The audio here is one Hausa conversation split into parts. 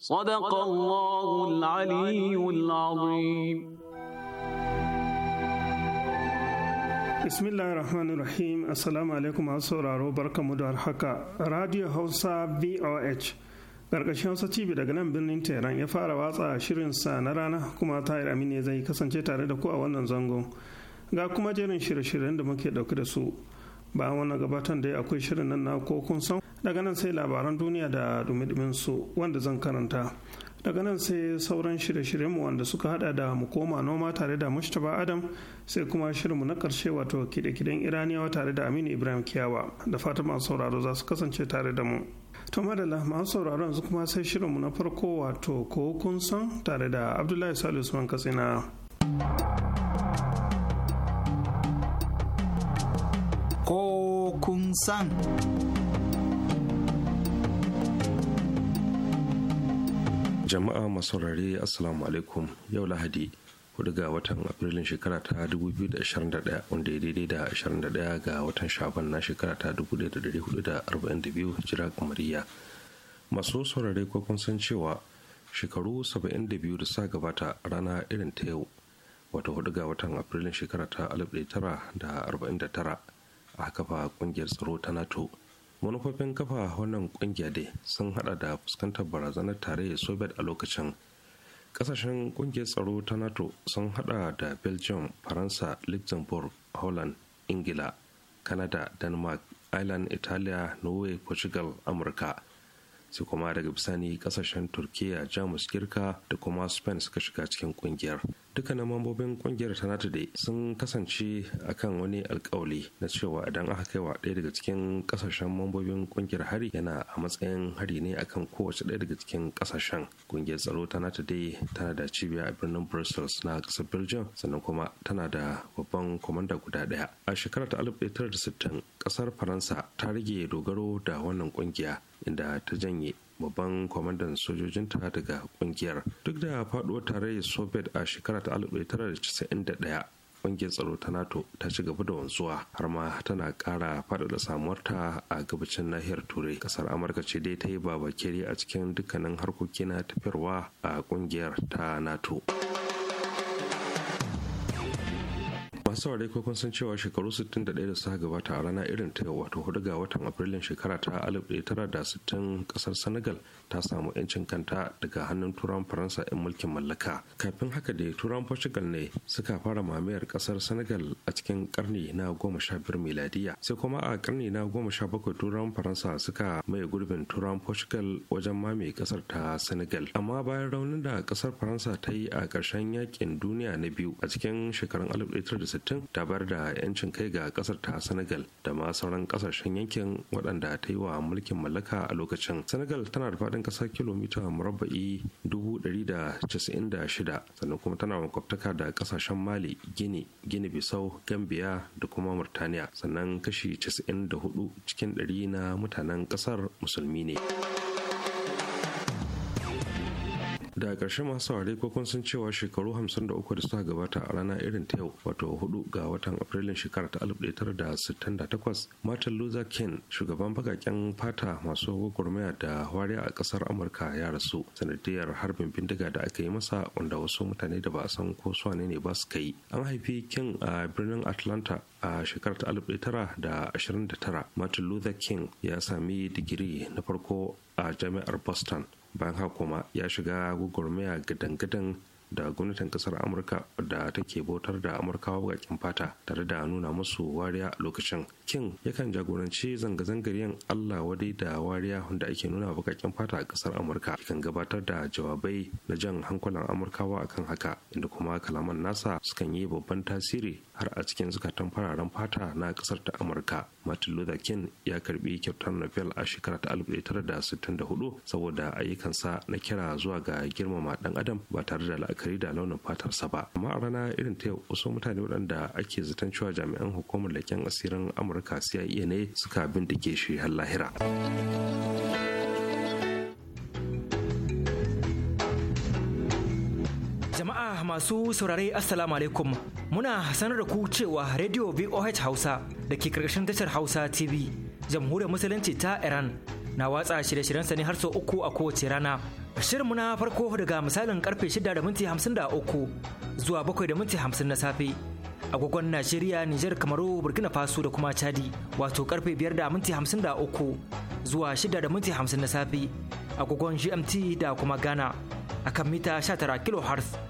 صدق الله العلي العظيم bismillahir rahmanir rahim assalamu alaikum masu sauraro barkamu da haka radio hausa اتش ƙarƙashin hausa tv daga nan birnin tehran ya fara watsa shirinsa na rana kuma tahir amine zai kasance tare da ku a wannan zango? ga kuma jerin shirye-shiryen da muke ɗauke da su bayan wannan gabatar da akwai shirin nan na ko kun san daga nan sai labaran duniya da dumi su wanda zan karanta daga nan sai sauran shirye shiryen mu wanda suka hada da mu koma noma tare da mushtaba adam sai kuma shirinmu na karshe wato kide-kiden iraniyawa tare da aminu ibrahim kiyawa da fatan masu sauraro za su kasance tare da mu to madalla masu sauraro yanzu kuma sai shirin mu na farko wato ko kun san tare da abdullahi salisu man katsina ko kun san. Jama'a masu rare Assalamu alaikum yau Lahadi. kudu ga watan afrilun shekara ta 2021 wanda ya daidai da 21 ga watan shaban na shekara ta 1442 jira kamariya masu saurare ko kun san cewa shekaru 72 da sa gabata rana irin ta yau wata hudu ga watan afrilun shekara ta 1949 a kafa kungiyar tsaro ta nato manufofin kafa wannan kungiya dai sun hada da fuskantar barazanar tarayyar soviet a lokacin kasashen kungiyar tsaro ta nato sun hada da belgium faransa luxembourg holland ingila canada denmark ireland italiya norway portugal amurka sai kuma daga bisani kasashen turkiya jamus girka da kuma spain suka shiga cikin kungiyar dukkanin mambobin kungiyar ta sun kasance a kan wani alkawali na cewa idan aka kai wa ɗaya daga cikin kasashen mambobin kungiyar hari yana a matsayin hari ne akan kowace ɗaya daga cikin kasashen kungiyar tsaro ta nata dai tana da cibiya a birnin brussels na ƙasar belgium sannan kuma tana da babban kwamanda guda ɗaya a shekarar ta alif 1960 ƙasar faransa ta rage dogaro da wannan kungiya inda ta janye babban kwamandan sojojinta daga kungiyar duk da faduwar tarayyar soviet a shekara ta 1991 kungiyar tsaro ta nato ta ci gaba da wanzuwa har ma tana kara faɗaɗa samuwarta a gabacin nahiyar turai Ƙasar amurka ce dai ta yi babakere a cikin dukkanin harkoki na tafiyarwa a kungiyar ta nato. masu saurare ko kun cewa shekaru 61 da suka gabata a rana irin ta wato hudu ga watan afrilun shekara ta 1960 kasar senegal ta samu 'yancin kanta daga hannun turan faransa 'yan mulkin mallaka kafin haka da turan portugal ne suka fara mamayar kasar senegal a cikin karni na 15 miladiya sai kuma a karni na 17 turan faransa suka maye gurbin turan portugal wajen mame kasar ta senegal amma bayan raunin da kasar faransa ta yi a ƙarshen yakin duniya na biyu a cikin shekarun 1960 Tun ta bar da 'yancin kai ga kasar ta senegal da ma sauran kasashen yankin waɗanda ta yi wa mulkin mallaka a lokacin senegal tana da faɗin ƙasar kilomita murabba'i shida, sannan kuma tana makwabtaka da kasashen mali gini gini bisau gambia da kuma murtaniya sannan kashi da hudu cikin 100 na mutanen ƙasar musulmi ne. da ƙarshe masu saurare ko kun san cewa shekaru 53 da suka gabata a rana irin ta yau wato hudu ga watan afrilun shekara ta 1968 martin luther king shugaban bakaken fata masu gwagwarmaya da wariya a ƙasar amurka ya rasu sanadiyar harbin bindiga da aka yi masa wanda wasu mutane da ba a san ko suwane ne ba ka yi an haifi king a birnin atlanta a shekarar ta 1929 martin luther king ya sami digiri na farko a jami'ar boston bayan haka kuma ya shiga gwagwarmaya gadan-gadan da gwamnatin kasar amurka da take bautar da amurkawa bakin fata tare da nuna musu wariya a lokacin king yakan jagoranci zanga-zangar yin allah wadai da wariya da ake nuna bakin fata a kasar amurka kan gabatar da jawabai na jan hankulan amurkawa akan haka inda kuma kalaman nasa sukan yi babban tasiri har a cikin zukatan fararen fata na kasar ta amurka martin luther king ya karbi kyautar nobel a shekara ta 1964 saboda ayyukansa na kira zuwa ga girmama dan adam ba tare da la'akari la'akari da launin fatar sa ba amma a rana irin ta yau wasu mutane waɗanda ake zaton cewa jami'an hukumar laƙen asirin amurka cia ne suka bindike shi har lahira jama'a masu saurare assalamu alaikum muna sanar da ku cewa radio voh hausa da ke karkashin tashar hausa tv jamhuriyar musulunci ta iran na watsa shirye-shiryensa ne har sau uku a kowace rana. Shirinmu na farko daga misalin karfe 6 da minti uku zuwa bakwai da minti hamsin na safe. Agogon Najeriya, Nijar, Kamaru, Burkina Faso da kuma Chadi wato karfe biyar da minti uku zuwa 6 da minti hamsin na safe. Agogon GMT da kuma Ghana akan mita 19 kHz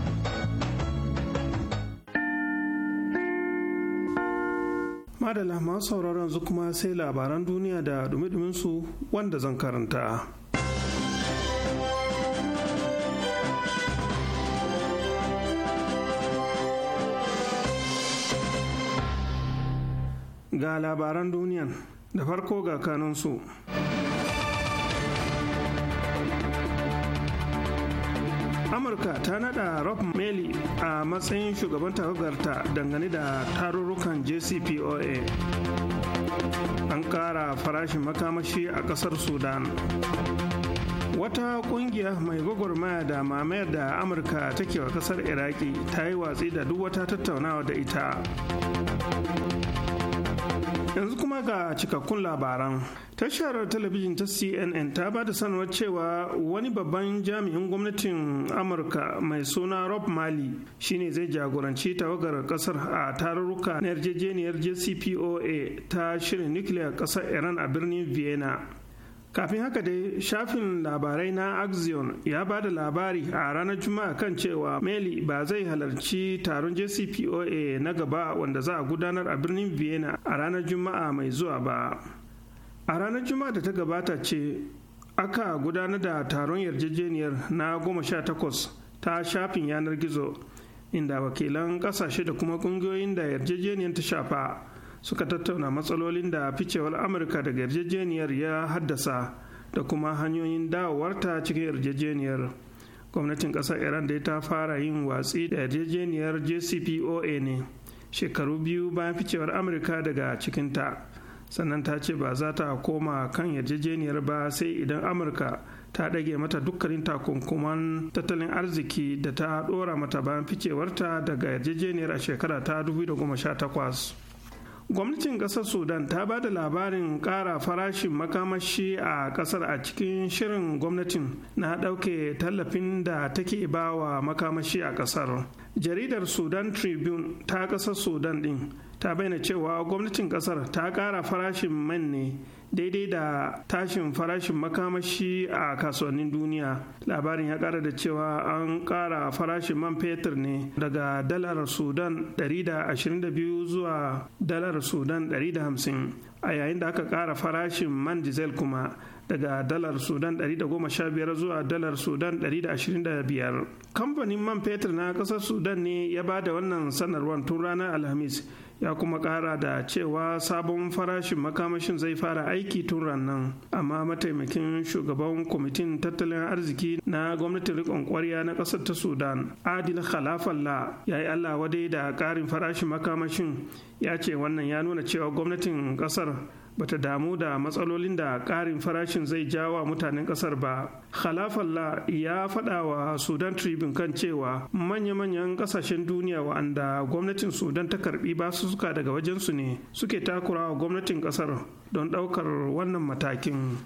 madala masu sauraron yanzu kuma sai labaran duniya da dumi su wanda zan karanta ga labaran duniyan da farko ga kanunsu. su amurka ta nada rob meli a matsayin shugaban tawagarta dangane da tarurrukan jcpoa an ƙara farashin makamashi a ƙasar sudan wata ƙungiya mai gwagwarmaya da mamayar da amurka take wa ƙasar iraki ta yi watsi da duk wata tattaunawa da ita yanzu kuma ga cikakkun labaran tashar talabijin ta cnn ta ba da sanarwar cewa wani babban jami'in gwamnatin amurka mai suna rob mali shine zai jagoranci tawagar kasar a tarurruka na yarjejeniyar jcpoa ta shirin nukiliyar kasar iran a birnin vienna kafin haka dai shafin labarai na axion ya ba da labari a ranar juma'a kan cewa meli ba zai halarci taron jcpoa na gaba wanda za a gudanar a birnin vienna a ranar juma'a mai zuwa ba a ranar juma'a da ta gabata ce aka gudanar da taron yarjejeniyar na goma sha takwas ta shafin yanar gizo inda wakilan ƙasashe da kuma ƙungiyoyin da yarjejeniyar ta shafa suka tattauna matsalolin da ficewar amurka daga yarjejeniyar ya haddasa da kuma hanyoyin dawowarta cikin yarjejeniyar gwamnatin ƙasar iran dai ta fara yin watsi da yarjejeniyar jcpoa ne shekaru biyu bayan ficewar amurka daga cikinta sannan ta ce ba za ta koma kan yarjejeniyar ba sai idan amurka ta ɗage mata dukkanin takunkuman tattalin arziki da ta ɗora mata bayan ficewarta daga yarjejeniyar a shekara ta 2018 gwamnatin kasar sudan ta ba da labarin kara farashin makamashi a kasar a cikin shirin gwamnatin na ɗauke tallafin da take ba wa makamashi a kasar jaridar sudan tribune ta kasar sudan din ta bayyana cewa gwamnatin kasar ta kara farashin man ne daidai da tashin farashin makamashi a kasuwannin duniya labarin ya kara da cewa an kara farashin man fetur ne daga dalar sudan 122 zuwa dalar sudan 150 a yayin da aka kara farashin man diesel kuma daga dalar sudan 115 zuwa dalar sudan 125 kamfanin man fetur na kasar sudan ne ya ba da wannan sanarwar tun ranar alhamis ya kuma kara da cewa sabon farashin makamashin zai fara aiki tun rannan amma mataimakin shugaban kwamitin tattalin arziki na gwamnatin rikon kwarya na kasar ta sudan adil khalafalla ya yi allah wadai da karin farashin makamashin ya ce wannan ya nuna cewa gwamnatin kasar bata damu da matsalolin da ƙarin farashin zai jawa mutanen ƙasar ba. Khalafallah ya faɗa wa Sudan Tribune kan cewa manya-manyan ƙasashen duniya wa'anda gwamnatin Sudan ta karɓi suka daga wajensu ne suke takurawa gwamnatin ƙasar don ɗaukar wannan matakin.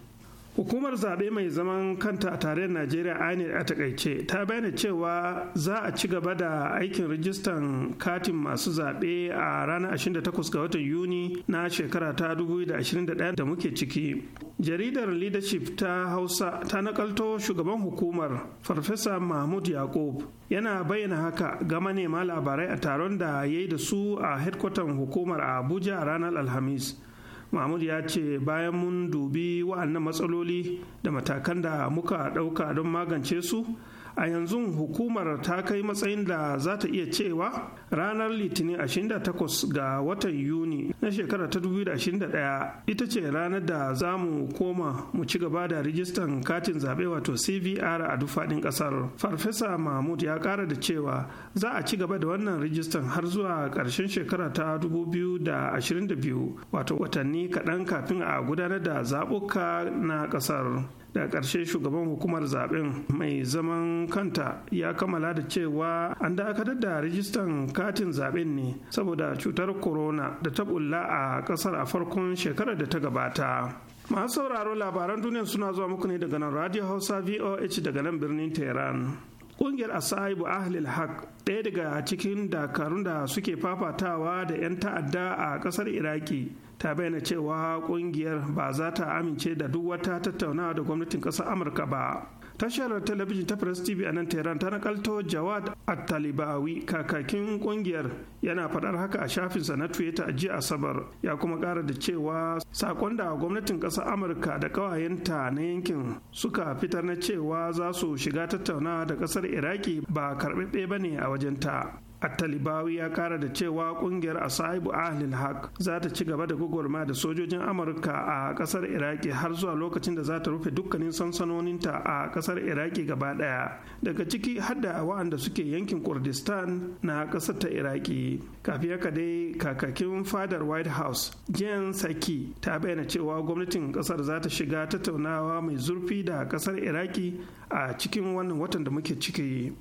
Hukumar zaɓe mai zaman kanta a tarayyar Najeriya INEC a takaice ta bayyana cewa za a ci gaba da aikin rijistan katin masu zaɓe a ranar 28 ga watan Yuni na shekara ta 2021 da muke ciki. Jaridar Leadership ta Hausa ta nakalto shugaban hukumar Farfesa Mahmud Yakub yana bayyana haka ga manema labarai a taron da ya yi da su a hedkwatan hukumar a Abuja a ranar Alhamis. mahmud ya ce bayan mun dubi wa'annan matsaloli da matakan da muka ɗauka don magance su a yanzu hukumar ta kai matsayin da za ta iya cewa ranar litinin 28 ga watan yuni na shekara ta 2021 ita ce ranar da za mu koma mu ci gaba da rijistan katin zaɓe wato cvr a duk faɗin ƙasar farfesa mahmud ya ƙara da cewa za a ci gaba da wannan rijistan har zuwa ƙarshen shekara ta 2022 wato watanni kaɗan kafin a gudanar da zaɓuka na ƙasar da ƙarshe shugaban hukumar zaben mai zaman kanta ya kammala da cewa an dakatar da rijistan katin zaben ne saboda cutar corona da ta bulla a ƙasar a farkon shekarar da ta gabata masu sauraro labaran duniya suna zuwa muku ne daga nan radio hausa voh daga nan birnin tehran kungiyar asahibu ahlil haq ɗaya daga cikin dakarun da suke fafatawa da 'yan ta'adda a ƙasar iraki ta bayyana cewa kungiyar ba za ta amince da duk wata tattaunawa da gwamnatin ƙasar amurka ba tashar talabijin ta press tv a nan tehran ta nakalto jawad at-talibawi kakakin kungiyar yana faɗar haka a shafinsa na twitter a jiya asabar ya kuma ƙara da cewa sakon da gwamnatin ƙasar amurka da ƙawayenta na yankin suka fitar na cewa za su shiga tattaunawa da ƙasar iraki ba karɓaɓɓe ba ne a wajenta talibawi ya kara da cewa kungiyar Asahibu Ahlil Haq za ta ci gaba da gugurma da sojojin Amurka a kasar Iraki har zuwa lokacin da za ta rufe dukkanin sansanoninta a kasar Iraki gaba daya daga ciki hadda waɗanda suke yankin Kurdistan na kasar ta Iraki. Kafin haka dai kakakin fadar White House Jen Saki ta bayyana cewa gwamnatin kasar za ta shiga tattaunawa mai zurfi da kasar Iraki a cikin wannan watan da muke ciki.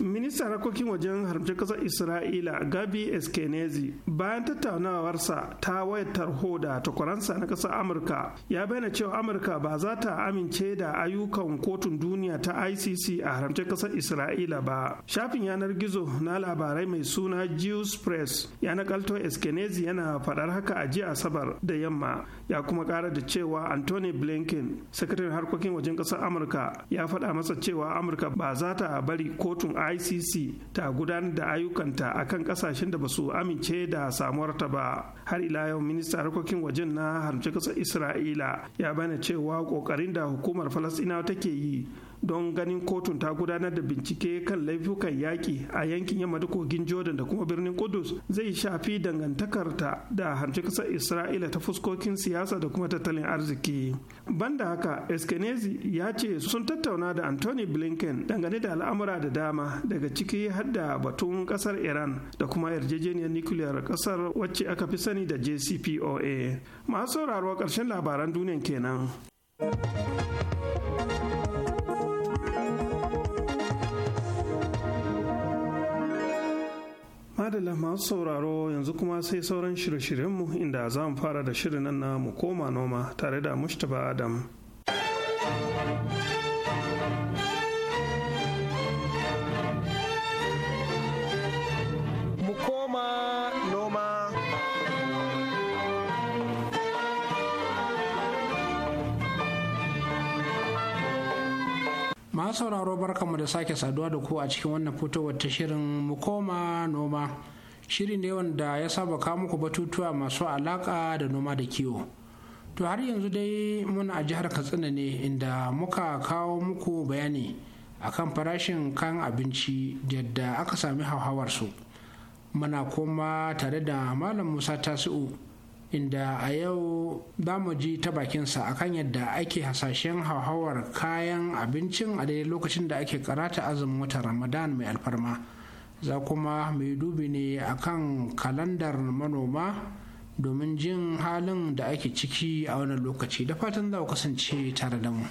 ministan harkokin wajen haramcin kasar isra'ila gabi eskenezi bayan tattaunawarsa ta wayar tarho da takwaransa na kasar amurka ya bayyana cewa amurka ba za ta amince da ayyukan kotun duniya ta icc a haramcin kasar isra'ila ba shafin yanar gizo na labarai mai suna jews press ya nakalto eskenezi yana faɗar haka a jiya asabar da yamma ya kuma ƙara da cewa anthony blinken sakataren harkokin wajen kasar amurka ya faɗa masa cewa amurka ba za ta bari kotun icc ta gudanar da ayyukanta akan kasashen da ba su amince da samuwarta ba har ila yau minista harkokin wajen na harbace kasar isra'ila ya bayyana cewa ƙoƙarin da hukumar falasɗinawa take yi don ganin kotun ta gudanar da bincike kan laifukan yaƙi a yankin yamma da kogin jordan da kuma birnin kudus zai shafi dangantakarta da harce kasar isra'ila ta fuskokin siyasa da kuma tattalin arziki banda haka eskenezi ya ce sun tattauna da anthony blinken dangane da al'amura da dama daga ciki har da batun kasar iran da kuma yarjejeniyar nukiliyar kasar wacce aka fi sani da jcpoa masu sauraro ƙarshen labaran duniya kenan adala masu sauraro yanzu kuma sai sauran shirye-shiryenmu inda za mu fara da shirin nan na mu koma noma tare da mustapha adam sauraro barkamu da sake saduwa da ku a cikin wannan fitowar ta shirin mu koma noma shiri ne wanda ya saba kawo muku batutuwa masu alaka da noma da kiwo to har yanzu dai muna a jihar katsina ne inda muka kawo muku bayani akan farashin kan abinci yadda aka sami hauhawar su, muna kuma tare da malam musa tasi'u inda a yau za mu ji ta bakinsa akan yadda ake hasashen hauhawar kayan abincin a daidai lokacin da ake karata azumin watan ramadan mai alfarma za kuma mai dubi ne akan kalandar manoma domin jin halin da ake ciki a wannan lokaci da fatan za ku kasance tare da mu.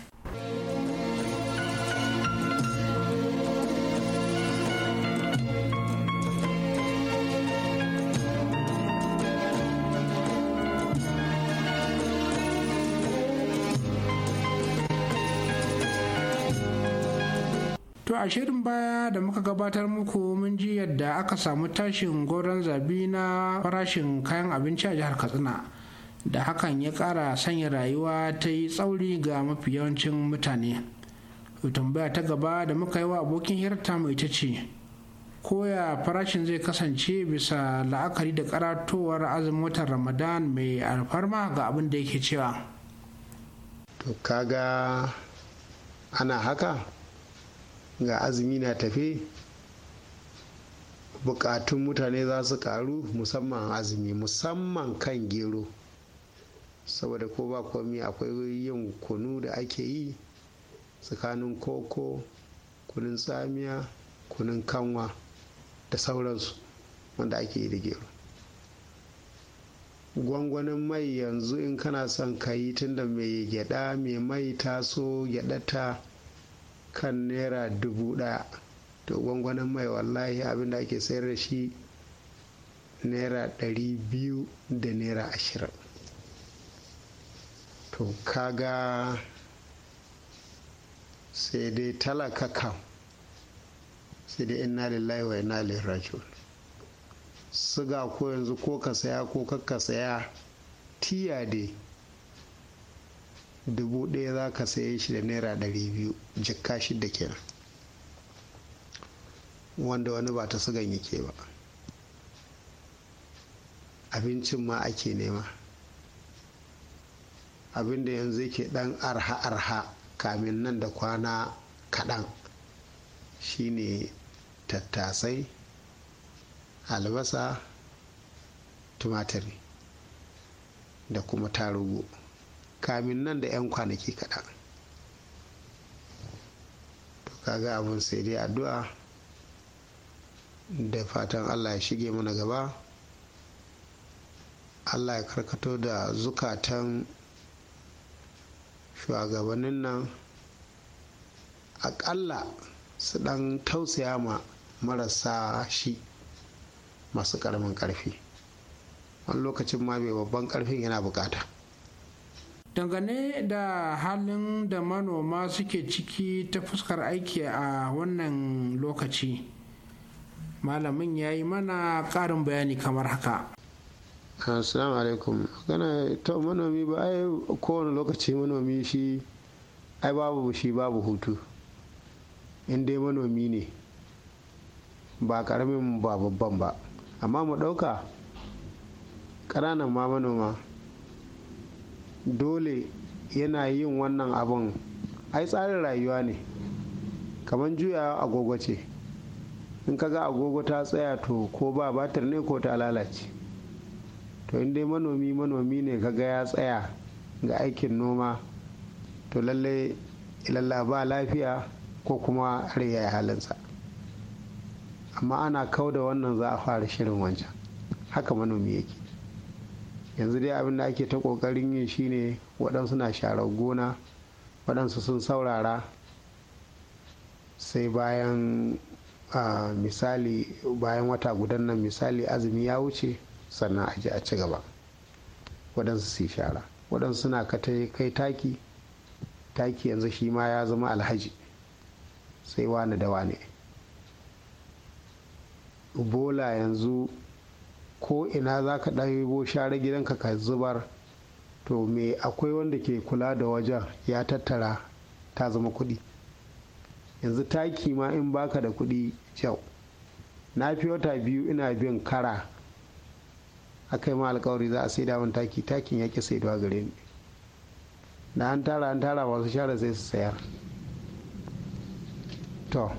a shirin baya da muka gabatar muku mun ji yadda aka samu tashin goron zabi na farashin kayan abinci a jihar katsina da hakan ya ƙara sanya rayuwa ta yi tsauri ga mafi yawancin mutane tambaya ta gaba da muka yi wa abokin hirta mu ita ce koya farashin zai kasance bisa la'akari da karatowar azumin watan ramadan mai alfarma ga abin da yake cewa to kaga ana haka ga azumi na tafe bukatun mutane za su karu musamman azumi musamman kan gero saboda ko ba komi akwai yin kunu da ake yi tsakanin koko kunun tsamiya kunun kanwa da sauransu wanda ake yi da gero gwangwanin mai yanzu in kana son ka yi tunda mai gyada mai mai taso gyadata kan naira dubu ɗaya to gwangwanin mai wallahi abin da ake sayar da shi naira ɗari biyu da naira ashirin to kaga sai dai talaka kam sai dai ina lillahi wa inna ilaihi raji'un suga ko yanzu ko ka saya ko kakka saya tiya dai dubu ɗaya za ka saye shi da naira ɗari biyu jikka shida kenan wanda wani ba ta sugan yake ba abincin ma ake nema abinda yanzu yake ɗan arha-arha kamin nan da kwana kaɗan shine tattasai albasa tumatiri da kuma tarugu kamin nan da 'yan kwanaki kaɗan to ga abin sai dai addu'a da fatan allah ya shige mana gaba allah ya karkato da zukatan shugabannin nan aƙalla su ɗan tausaya ma marasa shi masu ƙaramin ƙarfi wani lokacin ma mai babban ƙarfin yana bukata dangane da halin da manoma suke ciki ta fuskar aiki a wannan lokaci malamin ya yi mana ƙarin bayani kamar haka assalamu alaikum kana ta manomi ba ai kowane lokaci manomi shi ai babu shi babu hutu in dai manomi ne ba karamin ba babban ba amma mu ɗauka ƙananan ma manoma dole yana yin wannan abin ai tsarin rayuwa ne kamar juyawa agogo ce in ka ga agogo ta tsaya to ko ba batir ne ko ta lalace to in dai manomi manomi ne ka ga ya tsaya ga aikin noma to lalle ilalla ba lafiya ko kuma rai ya halinsa amma ana kau da wannan za a fara shirin wancan haka manomi yake yanzu dai abin da ake ta kokarin yi shine waɗansu na sharar gona waɗansu sun saurara sai bayan misali bayan wata gudan nan misali azumi ya wuce sannan aje a ci gaba waɗansu su shara waɗansu suna kai taki taki yanzu shi ma ya zama alhaji sai wani da wane bola yanzu ko ina za ka ɗaibo share gidanka ka zubar to me akwai wanda ke kula da wajen ya tattara ta zama kuɗi yanzu taki ma in baka da kuɗi kyau. na fi wata biyu ina bin kara kai ma alkawari za a sai min taki takin ya ƙi sai da gare ni da an tara an tara masu share sai su sayar to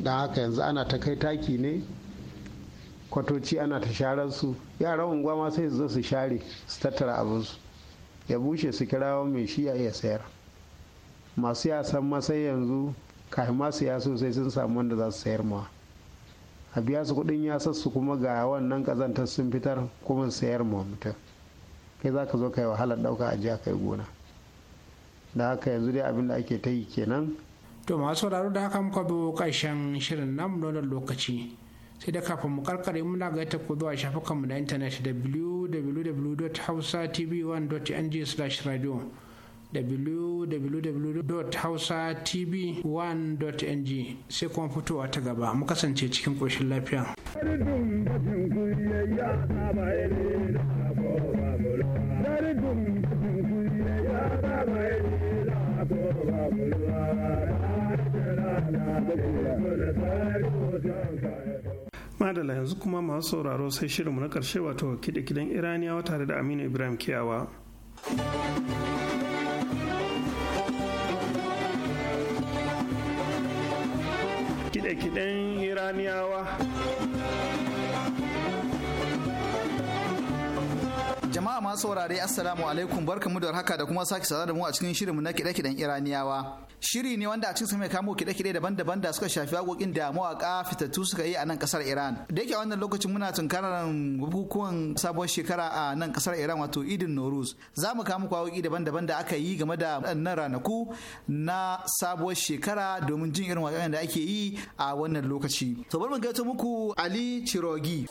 don haka yanzu ana ta kai taki ne kwatoci ana ta sharar su yaran unguwa ma sai su zo su share su tattara abin su ya bushe su kirawo mai shi ya iya sayar masu yasa masai yanzu kafin masu yaso sai sun samu wanda za su sayar ma a biya su kudin ya sassu kuma ga wannan kazantar sun fitar kuma sayar ma mutum kai za ka zo ka yi wahalar dauka a jiya kai gona da haka yanzu dai abin da ake ta yi kenan to masu sauraro da haka muka bi ƙarshen shirin nan na lokaci sai da kafin mu karkare muna ga ta ku zuwa shafukanmu na intanet www.hausatv1.ng/radio www.hausatv1.ng sai kuma fitowa ta gaba mu kasance cikin ƙoshin lafiya. madala yanzu kuma masu sauraro sai shirinmu na karshe wato kiɗe-kiɗen iraniyawa tare da aminu ibrahim kiyawa kiɗe iraniyawa jama'a masu saurare assalamu alaikum barkamu da haka da kuma sake sada da mu a cikin shirinmu na kide kiɗen iraniyawa shiri ne wanda a cikin mai kamo kiɗe kiɗe daban-daban da suka shafi haƙoƙin da mawaka fitattu suka yi a nan ƙasar iran da yake wannan lokacin muna tunkarar bukukuwan sabuwar shekara a nan kasar iran wato idin noruz za mu kamo haƙoƙi daban-daban da aka yi game da waɗannan ranaku na sabuwar shekara domin jin irin waƙoƙin da ake yi a wannan lokaci to bari mu gaito muku ali cirogi.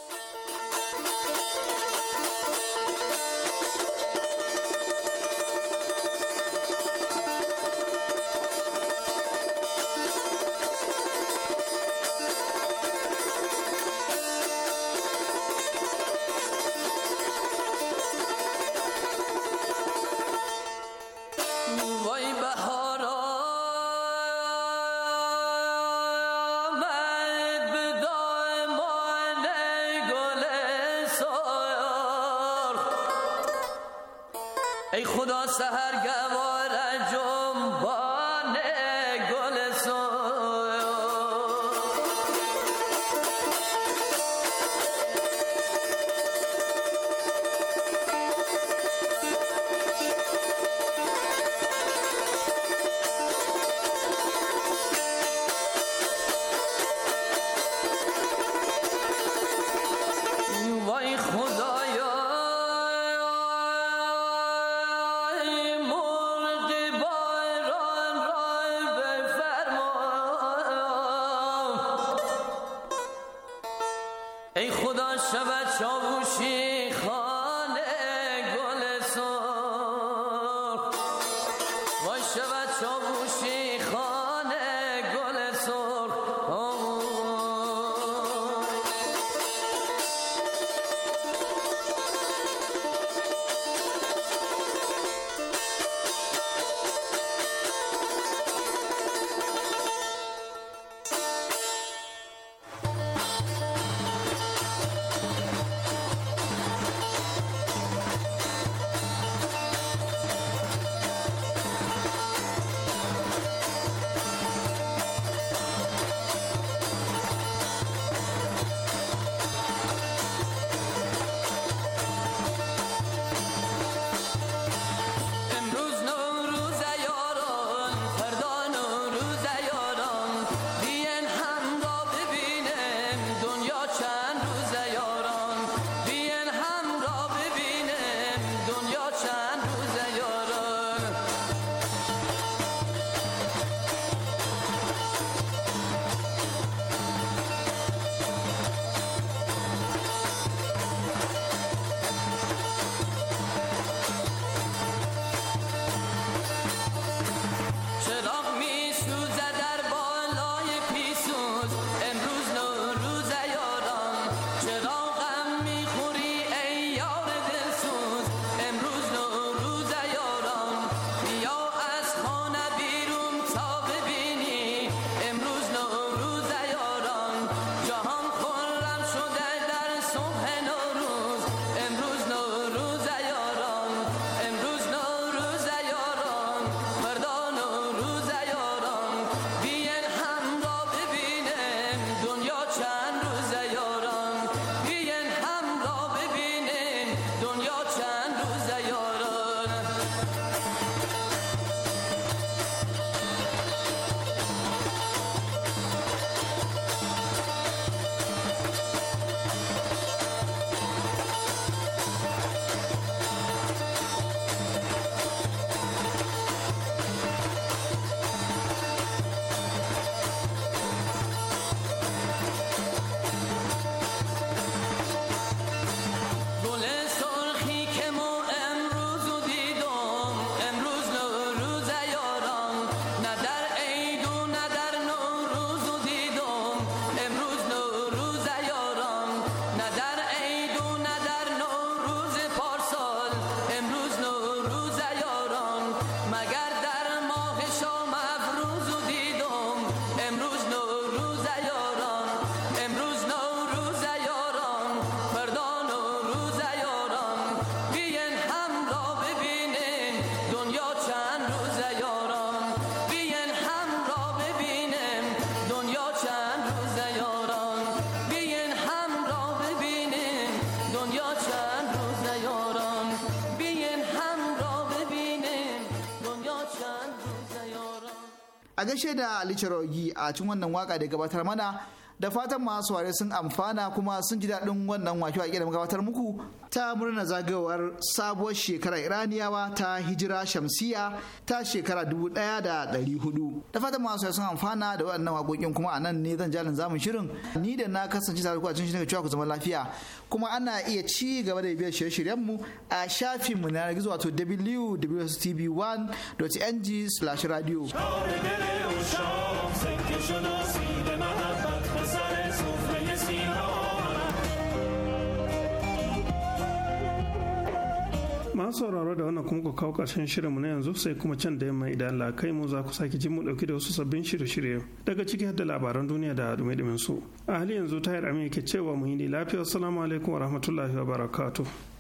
a gaishe da licharogi a cikin wannan waka da gabatar mana da fatan masu ware sun amfana kuma sun ji daɗin wannan wake wake da gabatar muku ta murna zagayowar sabuwar shekara iraniyawa ta hijira shamsiya ta shekara dubu ɗaya da ɗari hudu da fatan masu sun amfana da waɗannan waƙoƙin kuma a nan ne zan jalin zamun shirin ni da na kasance tare ku a cikin shirin ku zama lafiya kuma ana iya ci gaba da biyar shirye-shiryenmu a shafin mu na gizo wato www.tv1.ng/radio. masu sauraro da wannan kuma ku kawo ƙarshen shirinmu na yanzu sai kuma can da yamma idan Allah kai mu za ku sake jin mu ɗauki da wasu sabbin shirye-shirye daga ciki da labaran duniya da dumi-dumin su. A hali yanzu tayar amin ke cewa muhimmi yi lafiya. Assalamu alaikum wa rahmatullahi wa barakatuh.